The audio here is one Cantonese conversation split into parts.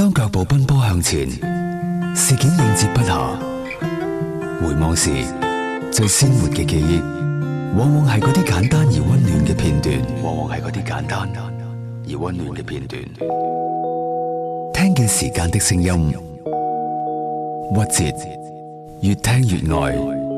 當腳步奔波向前，事件應接不暇。回望時，最鮮活嘅記憶，往往係嗰啲簡單而溫暖嘅片段。往往係啲簡單而溫暖嘅片段。聽見時間的聲音，曲折，越聽越愛。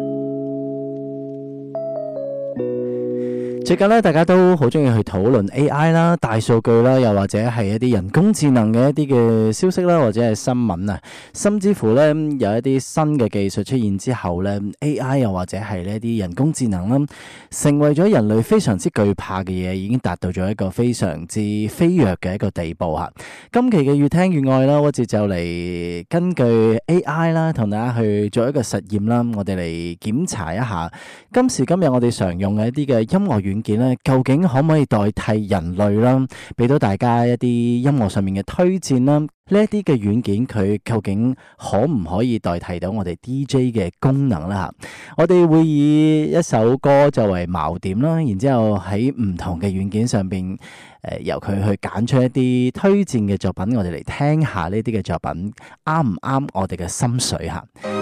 最近大家都好中意去討論 A.I. 啦、大數據啦，又或者係一啲人工智能嘅一啲嘅消息啦，或者係新聞啊，甚至乎呢，有一啲新嘅技術出現之後呢 AI 又或者係呢一啲人工智能啦，成為咗人類非常之懼怕嘅嘢，已經達到咗一個非常之飛躍嘅一個地步嚇。今期嘅越聽越愛啦，我哋就嚟根據 A.I. 啦同大家去做一個實驗啦，我哋嚟檢查一下今時今日我哋常用嘅一啲嘅音樂軟件咧，究竟可唔可以代替人類啦？俾到大家一啲音樂上面嘅推薦啦，呢一啲嘅軟件佢究竟可唔可以代替到我哋 DJ 嘅功能啦？嚇，我哋會以一首歌作為矛點啦，然之後喺唔同嘅軟件上邊，誒由佢去揀出一啲推薦嘅作品，我哋嚟聽下呢啲嘅作品啱唔啱我哋嘅心水嚇。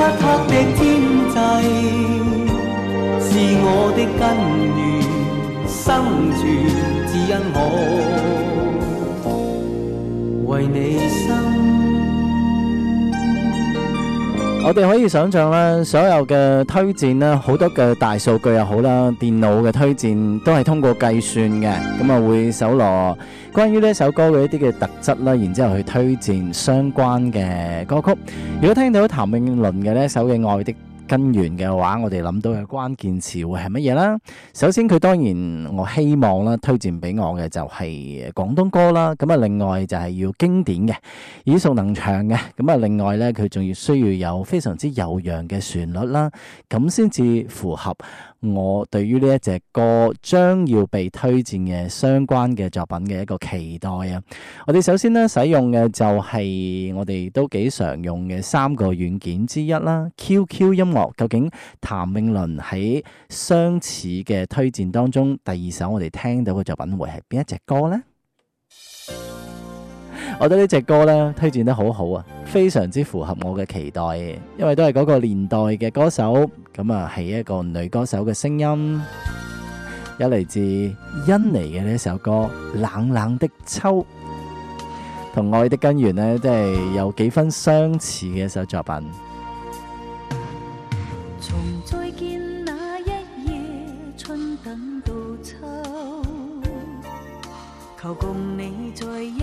漆黑，黑的天際，是我的根源，生存只因我為你生。我哋可以想象啦，所有嘅推薦啦，好多嘅大數據又好啦，電腦嘅推薦都係通過計算嘅，咁啊會搜羅關於呢一首歌嘅一啲嘅特質啦，然之後去推薦相關嘅歌曲。如果聽到譚詠麟嘅呢一首嘅《愛的根源嘅話，我哋諗到嘅關鍵詞會係乜嘢啦？首先，佢當然我希望啦，推薦俾我嘅就係廣東歌啦。咁啊，另外就係要經典嘅，耳熟能詳嘅。咁啊，另外呢，佢仲要需要有非常之悠揚嘅旋律啦，咁先至符合。我對於呢一隻歌將要被推薦嘅相關嘅作品嘅一個期待啊！我哋首先呢使用嘅就係我哋都幾常用嘅三個軟件之一啦。QQ 音樂，究竟譚詠麟喺相似嘅推薦當中第二首我哋聽到嘅作品會係邊一隻歌呢？我覺得呢隻歌咧推薦得好好啊，非常之符合我嘅期待，因為都係嗰個年代嘅歌手，咁啊係一個女歌手嘅聲音，有嚟自甄妮嘅呢首歌《冷冷的秋》，同《愛的根源》呢，都係有幾分相似嘅一首作品。從再見那一夜春等到秋，求共你再一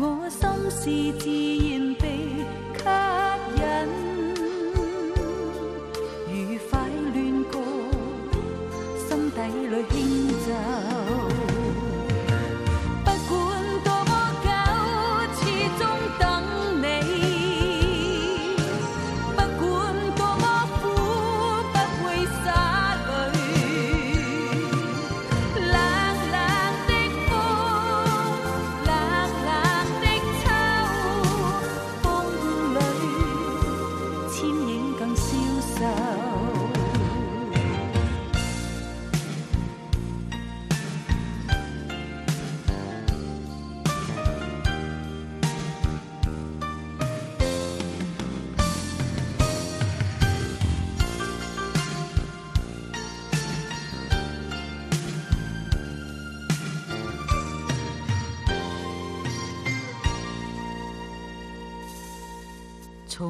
我心是自然被吸引，愉快戀歌，心底裏輕奏。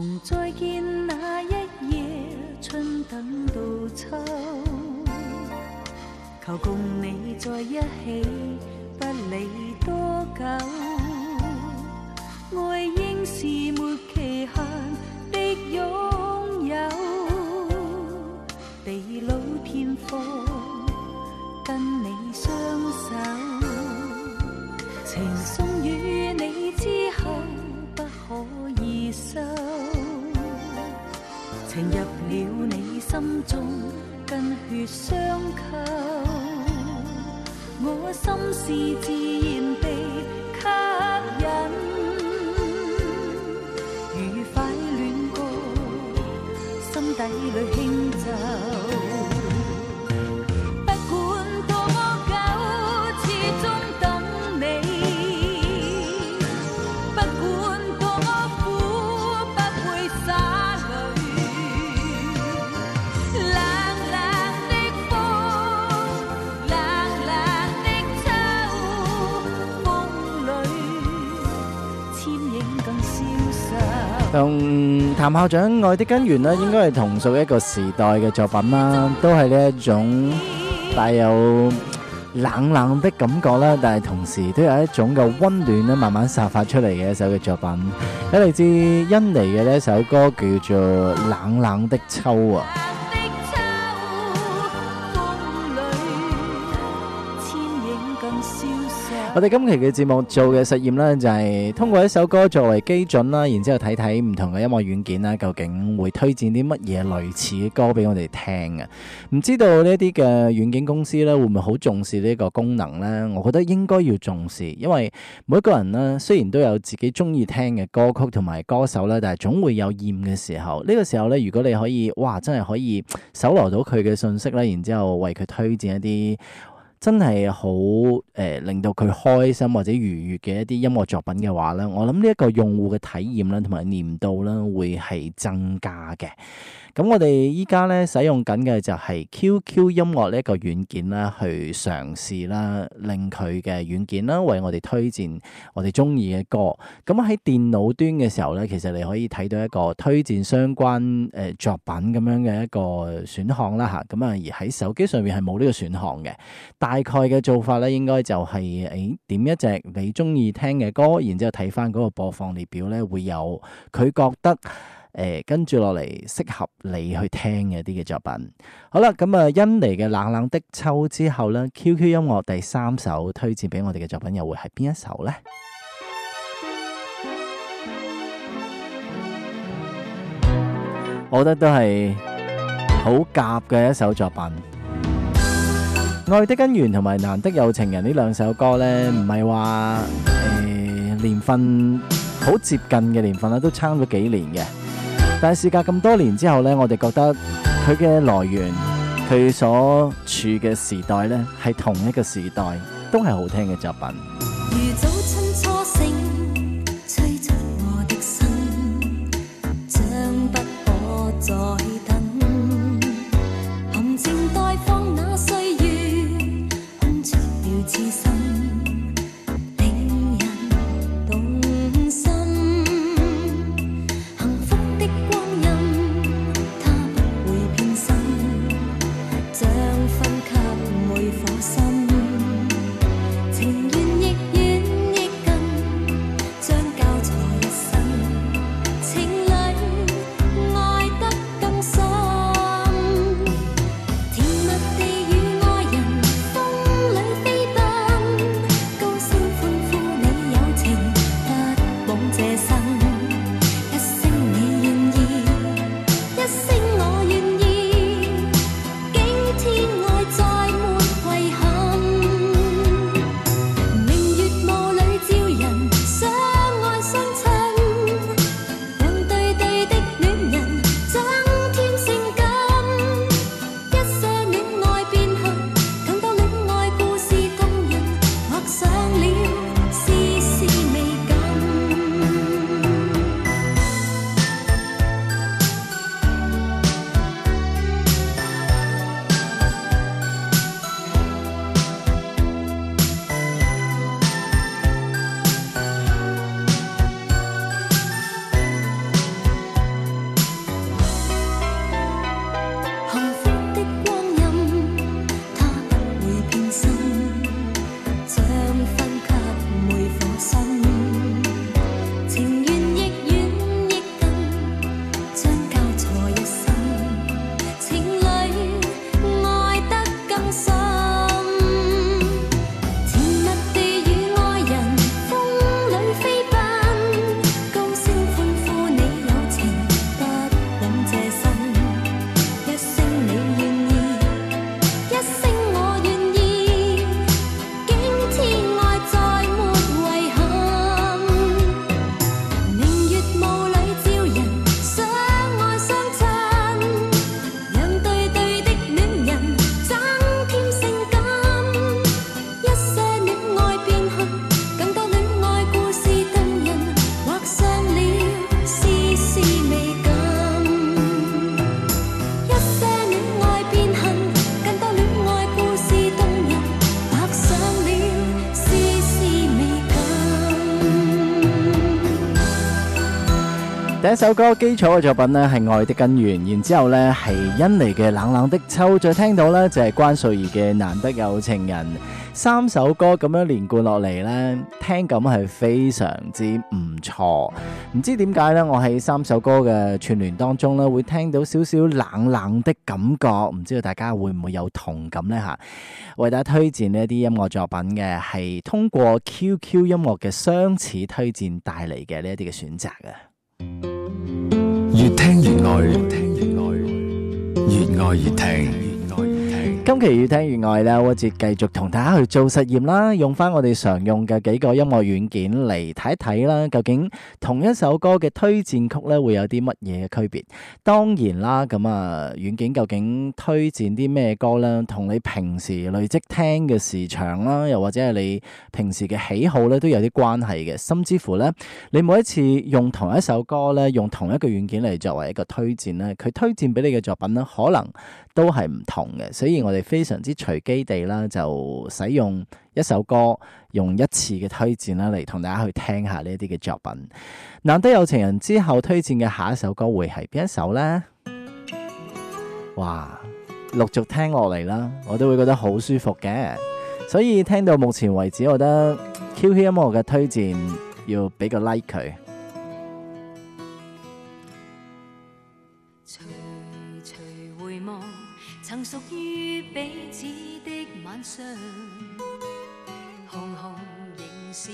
從再見那一夜，春等到秋，求共你在一起。血相扣，我心是自然。同譚校長《愛的根源》呢，應該係同屬一個時代嘅作品啦，都係呢一種帶有冷冷的感覺啦，但係同時都有一種嘅溫暖咧，慢慢散發出嚟嘅一首嘅作品，係嚟自印尼嘅呢一首歌，叫做《冷冷的秋》啊。我哋今期嘅節目做嘅實驗呢，就係通過一首歌作為基準啦，然之後睇睇唔同嘅音樂軟件啦，究竟會推薦啲乜嘢類似嘅歌俾我哋聽。唔知道呢啲嘅軟件公司呢，會唔會好重視呢個功能呢？我覺得應該要重視，因為每一個人呢，雖然都有自己中意聽嘅歌曲同埋歌手啦，但係總會有厭嘅時候。呢個時候呢，如果你可以，哇，真係可以搜羅到佢嘅信息啦，然之後為佢推薦一啲。真係好、呃、令到佢開心或者愉悅嘅一啲音樂作品嘅話咧，我諗呢一個用戶嘅體驗同埋黏度咧，會係增加嘅。咁我哋依家咧使用緊嘅就係 QQ 音樂呢一個軟件啦，去嘗試啦，令佢嘅軟件啦為我哋推薦我哋中意嘅歌。咁喺電腦端嘅時候咧，其實你可以睇到一個推薦相關、呃、作品咁樣嘅一個選項啦，吓，咁啊，而喺手機上面係冇呢個選項嘅，大概嘅做法咧，應該就係、是、誒點一隻你中意聽嘅歌，然之後睇翻嗰個播放列表咧，會有佢覺得誒、呃、跟住落嚟適合你去聽嘅啲嘅作品。好啦，咁、嗯、啊，恩妮嘅冷冷的秋之後咧，QQ 音樂第三首推薦俾我哋嘅作品又會係邊一首呢？ 我覺得都係好夾嘅一首作品。《愛的根源》同埋《難得有情人》呢兩首歌咧，唔係話誒年份好接近嘅年份啦，都差咗幾年嘅。但係事隔咁多年之後咧，我哋覺得佢嘅來源、佢所處嘅時代咧，係同一個時代，都係好聽嘅作品。如早春初醒吹出我心，將不可再。第一首歌基礎嘅作品咧係《愛的根源》，然之後咧係甄妮嘅《冷冷的秋》，再聽到呢就係關淑怡嘅《難得有情人》，三首歌咁樣連貫落嚟呢，聽感係非常之唔錯。唔知點解呢，我喺三首歌嘅串聯當中呢，會聽到少少冷冷的感覺，唔知道大家會唔會有同感呢？吓為大家推薦呢啲音樂作品嘅係通過 QQ 音樂嘅相似推薦帶嚟嘅呢一啲嘅選擇嘅。越愛越愛，越愛越聽。越今期要聽完外啦，我哋繼續同大家去做實驗啦，用翻我哋常用嘅幾個音樂軟件嚟睇一睇啦，究竟同一首歌嘅推薦曲咧會有啲乜嘢嘅區別？當然啦，咁啊，軟件究竟推薦啲咩歌呢？同你平時累積聽嘅時長啦，又或者係你平時嘅喜好咧，都有啲關係嘅。甚至乎呢，你每一次用同一首歌咧，用同一個軟件嚟作為一個推薦咧，佢推薦俾你嘅作品呢，可能都係唔同嘅。所以我哋。非常之隨機地啦，就使用一首歌，用一次嘅推薦啦，嚟同大家去聽下呢一啲嘅作品。《難得有情人》之後推薦嘅下一首歌會係邊一首呢？哇，陸續聽落嚟啦，我都會覺得好舒服嘅。所以聽到目前為止，我覺得 QQ 音樂嘅推薦要俾個 like 佢。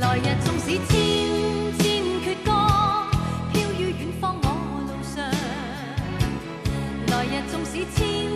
來日縱使千千闋歌，飄於遠方我路上。來日縱使千。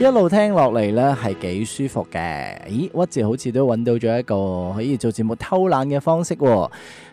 一路聽落嚟呢係幾舒服嘅，咦屈志好似都揾到咗一個可以做節目偷懶嘅方式喎，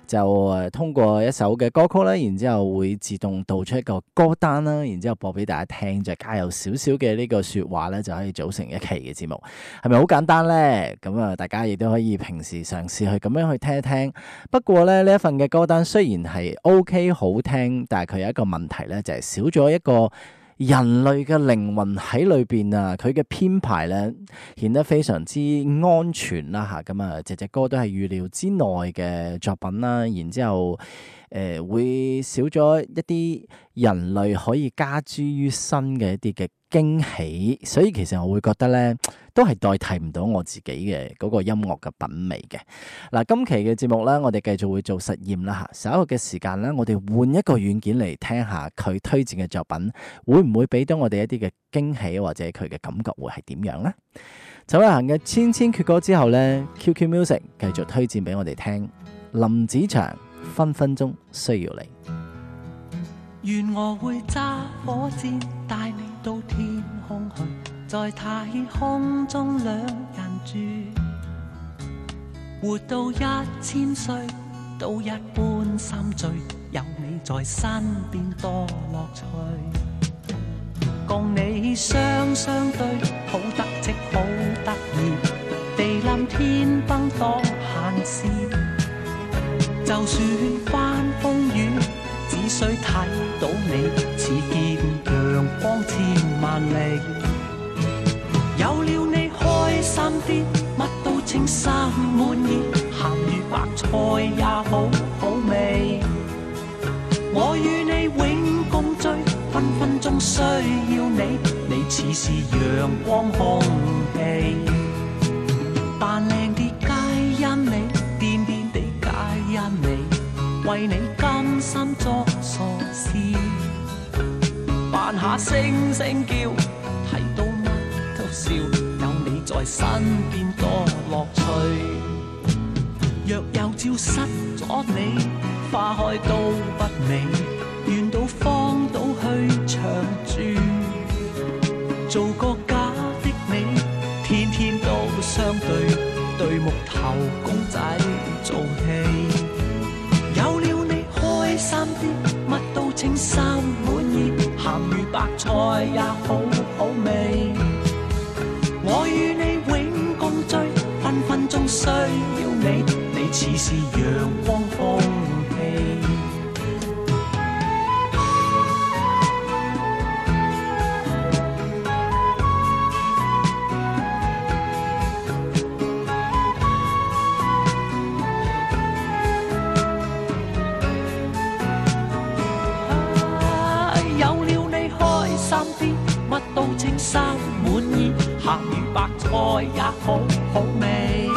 就通過一首嘅歌曲呢，然之後會自動導出一個歌單啦，然之後播俾大家聽，就加入少少嘅呢個說話呢，就可以組成一期嘅節目，係咪好簡單呢？咁啊，大家亦都可以平時嘗試去咁樣去聽一聽。不過呢，呢一份嘅歌單雖然係 OK 好聽，但係佢有一個問題呢，就係少咗一個。人類嘅靈魂喺裏邊啊，佢嘅編排咧，顯得非常之安全啦吓，咁啊隻隻歌都係預料之內嘅作品啦，然之後誒、呃、會少咗一啲人類可以加諸於身嘅一啲嘅驚喜，所以其實我會覺得咧。都係代替唔到我自己嘅嗰個音樂嘅品味嘅。嗱，今期嘅節目呢，我哋繼續會做實驗啦吓。稍後嘅時間呢，我哋換一個軟件嚟聽下佢推薦嘅作品，會唔會俾到我哋一啲嘅驚喜，或者佢嘅感覺會係點樣呢？陳慧嫻嘅《千千闕歌》之後呢 QQ Music 繼續推薦俾我哋聽林子祥《分分鐘需要你》。願我會揸火箭，帶你到天空去。在太空中兩人住，活到一千歲都一般心醉，有你在身邊多樂趣。共你雙雙對，好得戚好得意，地冧天崩多閒事。就算翻風雨，只需睇到你，似見陽光千萬里。有了你開心啲，乜都稱心滿意，鹹魚白菜也好好味。我與你永共聚，分分鐘需要你，你似是陽光空氣。扮靚啲皆因你，癲癲地皆因你，為你甘心作傻事，扮下猩猩叫。笑，有你在身邊多樂趣。若有朝失咗你，花開都不美。願到荒島去長住，做個假的你，天天都相對，對木頭公仔做戲。有了你，開心啲，乜都稱心滿意，鹹魚白菜也好好味。似是陽光空氣，有了你開心啲，乜都稱心滿意，鹹魚白菜也好好味。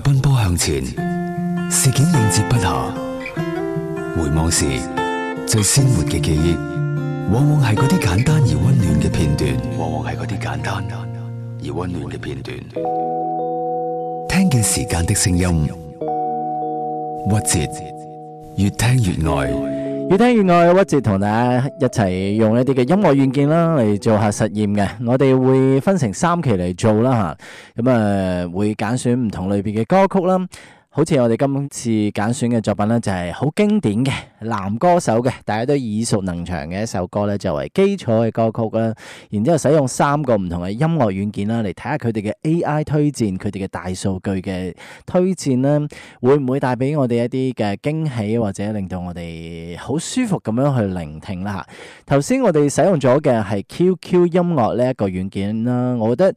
奔波向前，事件應接不暇。回望時，最鮮活嘅記憶，往往係嗰啲簡單而温暖嘅片段。往往係嗰啲簡單而温暖嘅片段。聽見時間的聲音，曲折，越聽越愛。越聽越愛，或者同大家一齊用一啲嘅音樂軟件啦，嚟做下實驗嘅。我哋會分成三期嚟做啦，吓咁啊，會揀選唔同類別嘅歌曲啦。好似我哋今次揀選嘅作品咧，就係好經典嘅男歌手嘅，大家都耳熟能詳嘅一首歌咧，作為基礎嘅歌曲啦。然之後使用三個唔同嘅音樂軟件啦，嚟睇下佢哋嘅 AI 推薦，佢哋嘅大數據嘅推薦咧，會唔會帶俾我哋一啲嘅驚喜，或者令到我哋好舒服咁樣去聆聽啦？吓，頭先我哋使用咗嘅係 QQ 音樂呢一個軟件啦，我覺得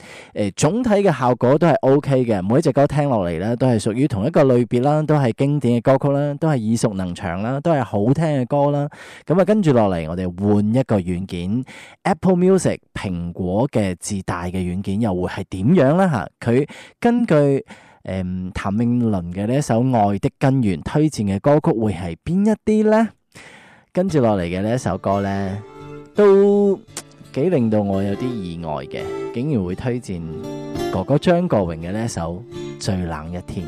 誒，總體嘅效果都係 OK 嘅，每一隻歌聽落嚟咧，都係屬於同一個。類別啦，都係經典嘅歌曲啦，都係耳熟能詳啦，都係好聽嘅歌啦。咁啊，跟住落嚟，我哋換一個軟件，Apple Music 蘋果嘅自帶嘅軟件，又會係點樣呢？吓，佢根據誒譚詠麟嘅呢一首《愛的根源》推薦嘅歌曲會係邊一啲呢？跟住落嚟嘅呢一首歌呢，都幾令到我有啲意外嘅，竟然會推薦哥哥張國榮嘅呢一首《最冷一天》。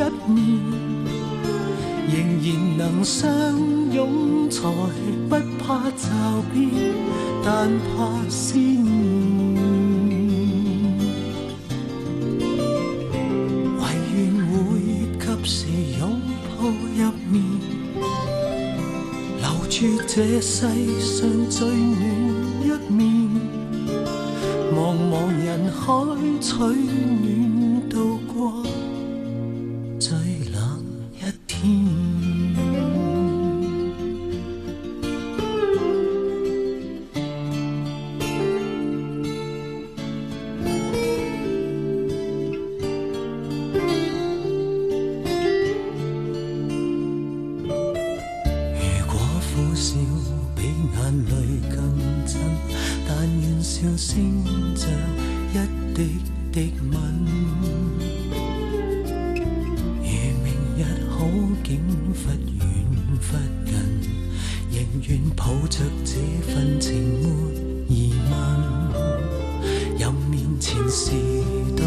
一面，仍然能相擁才不怕驟變，但怕思念。 唯願會及時擁抱入眠，留住這世上最暖一面。茫茫人海催，取暖。星像一滴滴吻，如明日好景忽遠忽近，仍願抱着這份情沒疑問。任面前時代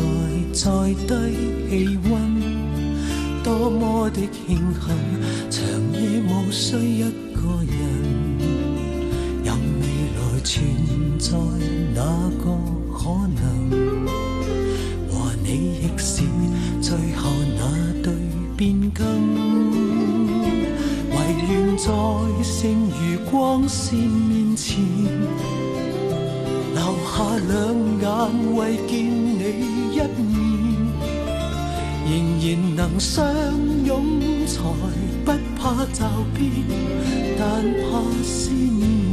再低氣溫，多麼的慶幸，長夜無需一。存在哪個可能？和你亦是最後那對變更。唯願在剩餘光線面前，留下兩眼為見你一面，仍然能相擁才不怕驟變，但怕思念。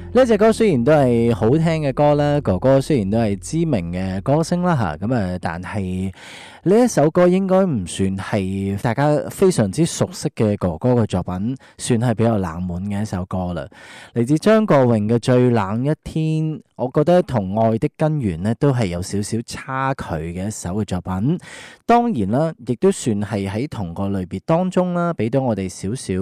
呢一隻歌雖然都係好聽嘅歌啦，哥哥雖然都係知名嘅歌星啦吓，咁啊，但係。呢一首歌應該唔算係大家非常之熟悉嘅哥哥嘅作品，算係比較冷門嘅一首歌啦。嚟自張國榮嘅《最冷一天》，我覺得同《愛的根源》呢都係有少少差距嘅一首嘅作品。當然啦，亦都算係喺同個類別當中啦，俾到我哋少少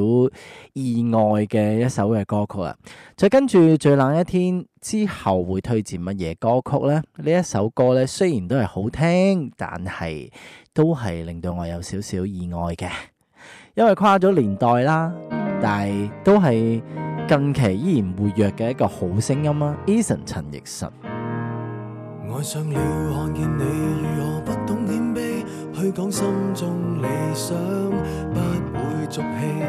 意外嘅一首嘅歌曲啊。就跟住《最冷一天》。之後會推薦乜嘢歌曲呢？呢一首歌呢，雖然都係好聽，但係都係令到我有少少意外嘅，因為跨咗年代啦，但係都係近期依然活躍嘅一個好聲音啊 ！Eason 陳奕迅，愛上了看見你如何不懂謙卑，去講心中理想不會俗氣，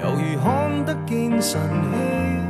猶如看得見神氣。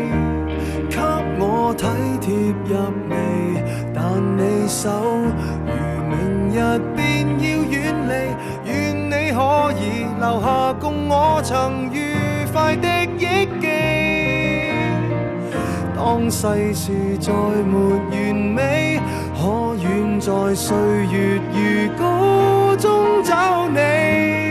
體貼入微，但你手如明日便要遠離，願你可以留下共我曾愉快的憶記。當世事再沒完美，可遠在歲月如歌中找你。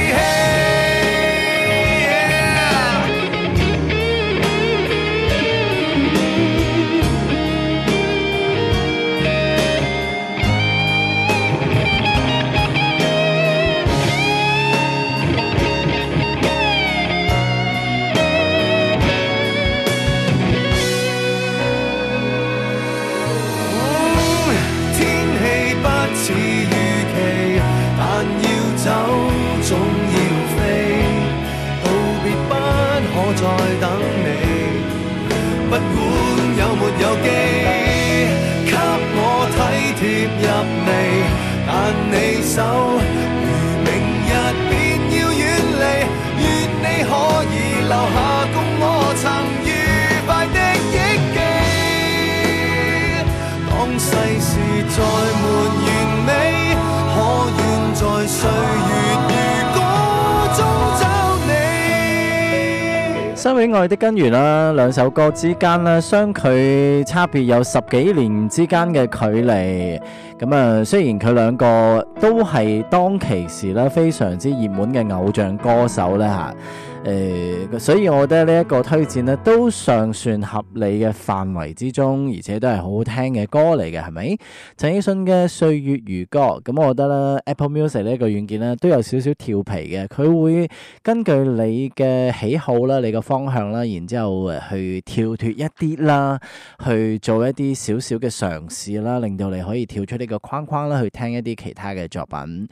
愛的根源啦，兩首歌之間咧相距差別有十幾年之間嘅距離。咁啊，雖然佢兩個都係當其時咧非常之熱門嘅偶像歌手咧吓。誒、呃，所以我覺得呢一個推薦都尚算合理嘅範圍之中，而且都係好好聽嘅歌嚟嘅，係咪？陳奕迅嘅《歲月如歌》，咁我覺得呢 Apple Music 這個軟呢個軟件都有少少調皮嘅，佢會根據你嘅喜好啦、你嘅方向啦，然之後誒去跳脫一啲啦，去做一啲少少嘅嘗試啦，令到你可以跳出呢個框框啦，去聽一啲其他嘅作品，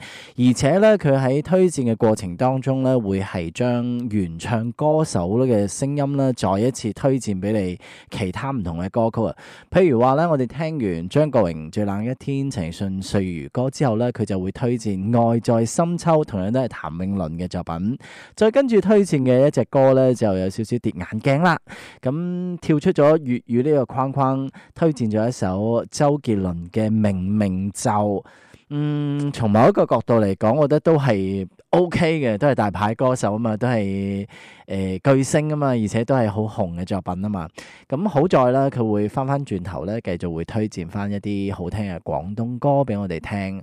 而且呢，佢喺推薦嘅過程當中呢，會係將。原唱歌手嘅聲音咧，再一次推薦俾你其他唔同嘅歌曲啊。譬如話呢，我哋聽完張國榮《最冷一天》、《情信》、《歲月如歌》之後呢，佢就會推薦《愛在深秋》，同樣都係譚詠麟嘅作品。再跟住推薦嘅一隻歌呢，就有少少跌眼鏡啦。咁跳出咗粵語呢個框框，推薦咗一首周杰倫嘅《明明就》。嗯，從某一個角度嚟講，我覺得都係 OK 嘅，都係大牌歌手啊嘛，都係誒、呃、巨星啊嘛，而且都係好紅嘅作品啊嘛。咁、嗯、好在呢，佢會翻翻轉頭呢，繼續會推薦翻一啲好聽嘅廣東歌俾我哋聽。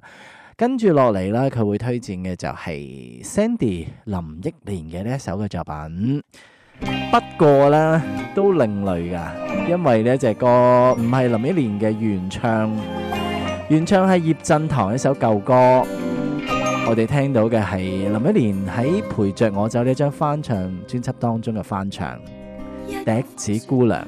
跟住落嚟呢，佢會推薦嘅就係 Sandy 林憶蓮嘅呢一首嘅作品。不過呢，都另類噶，因為呢隻歌唔係林憶蓮嘅原唱。原唱係葉振棠一首舊歌，我哋聽到嘅係林憶蓮喺《陪着我走》呢張翻唱專輯當中嘅翻唱《笛子姑娘》。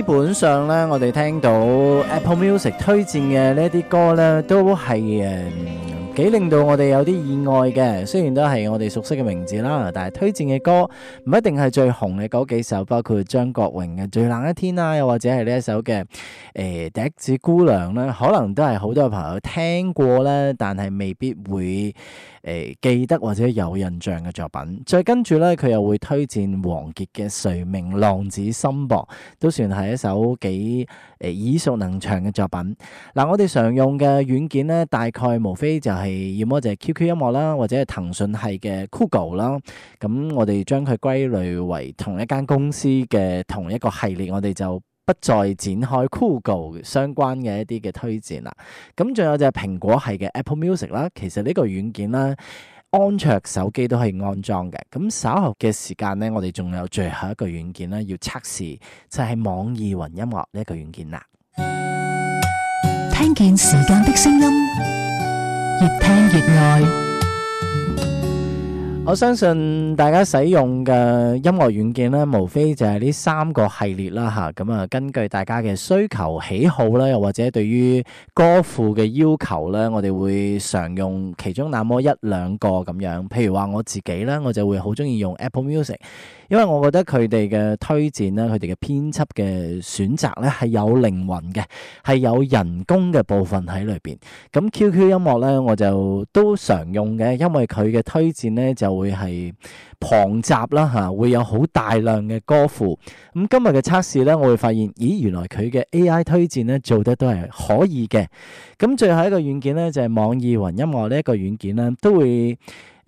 基本上咧，我哋聽到 Apple Music 推薦嘅呢啲歌咧，都係誒，嗯幾令到我哋有啲意外嘅，雖然都係我哋熟悉嘅名字啦，但係推薦嘅歌唔一定係最紅嘅嗰幾首，包括張國榮嘅《最冷一天》啦，又或者係呢、呃、一首嘅《誒笛子姑娘》咧，可能都係好多朋友聽過咧，但係未必會誒、呃、記得或者有印象嘅作品。再跟住咧，佢又會推薦王傑嘅《誰明浪子心》博，都算係一首幾誒耳熟能詳嘅作品。嗱、呃，我哋常用嘅軟件咧，大概無非就係、是。要麼就係 QQ 音樂啦，或者係騰訊系嘅酷狗啦。咁我哋將佢歸類為同一間公司嘅同一個系列，我哋就不再展開酷狗相關嘅一啲嘅推薦啦。咁仲有就係蘋果系嘅 Apple Music 啦。其實呢個軟件啦，安卓手機都係安裝嘅。咁稍後嘅時間呢，我哋仲有最後一個軟件啦，要測試，就係網易雲音樂呢個軟件啦。聽見時間的聲音。越聽越愛，我相信大家使用嘅音樂軟件咧，無非就係呢三個系列啦吓。咁啊，根據大家嘅需求喜好啦，又或者對於歌庫嘅要求咧，我哋會常用其中那麼一兩個咁樣。譬如話我自己咧，我就會好中意用 Apple Music。因為我覺得佢哋嘅推薦咧，佢哋嘅編輯嘅選擇咧係有靈魂嘅，係有人工嘅部分喺裏邊。咁 QQ 音樂咧，我就都常用嘅，因為佢嘅推薦咧就會係龐雜啦吓，會有好大量嘅歌庫。咁今日嘅測試咧，我會發現，咦，原來佢嘅 AI 推薦咧做得都係可以嘅。咁最後一個軟件咧就係網易雲音樂呢一個軟件咧都會。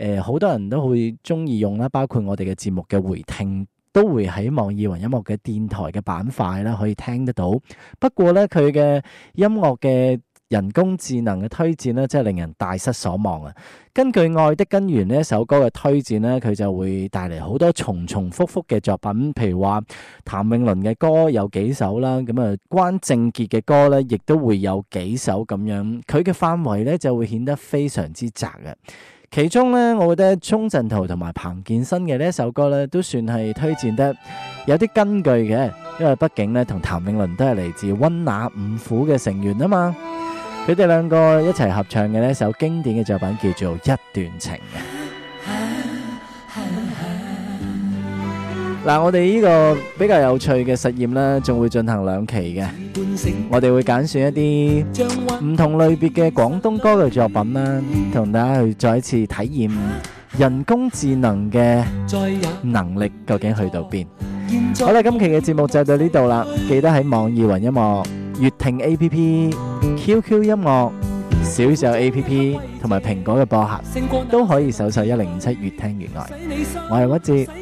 誒好多人都會中意用啦，包括我哋嘅節目嘅回聽都會喺網易雲音樂嘅電台嘅板塊啦，可以聽得到。不過咧，佢嘅音樂嘅人工智能嘅推薦呢，真係令人大失所望啊！根據《愛的根源》呢首歌嘅推薦呢，佢就會帶嚟好多重重複複嘅作品，譬如話譚詠麟嘅歌有幾首啦，咁啊關正傑嘅歌咧，亦都會有幾首咁樣。佢嘅範圍咧就會顯得非常之窄啊！其中呢，我覺得鍾鎮濤同埋彭健新嘅呢首歌呢，都算係推薦得有啲根據嘅，因為畢竟呢，同譚詠麟都係嚟自溫拿五虎嘅成員啊嘛，佢哋兩個一齊合唱嘅呢首經典嘅作品叫做《一段情》。嗱，我哋呢個比較有趣嘅實驗呢，仲會進行兩期嘅，我哋會揀選一啲唔同類別嘅廣東歌類作品啦，同大家去再一次體驗人工智能嘅能力究竟去到邊。好啦，今期嘅節目就到呢度啦，記得喺網易雲音樂、粵聽 A P P、Q Q 音樂、小手 A P P 同埋蘋果嘅播客都可以搜索一零五七越聽越愛，我係屈志。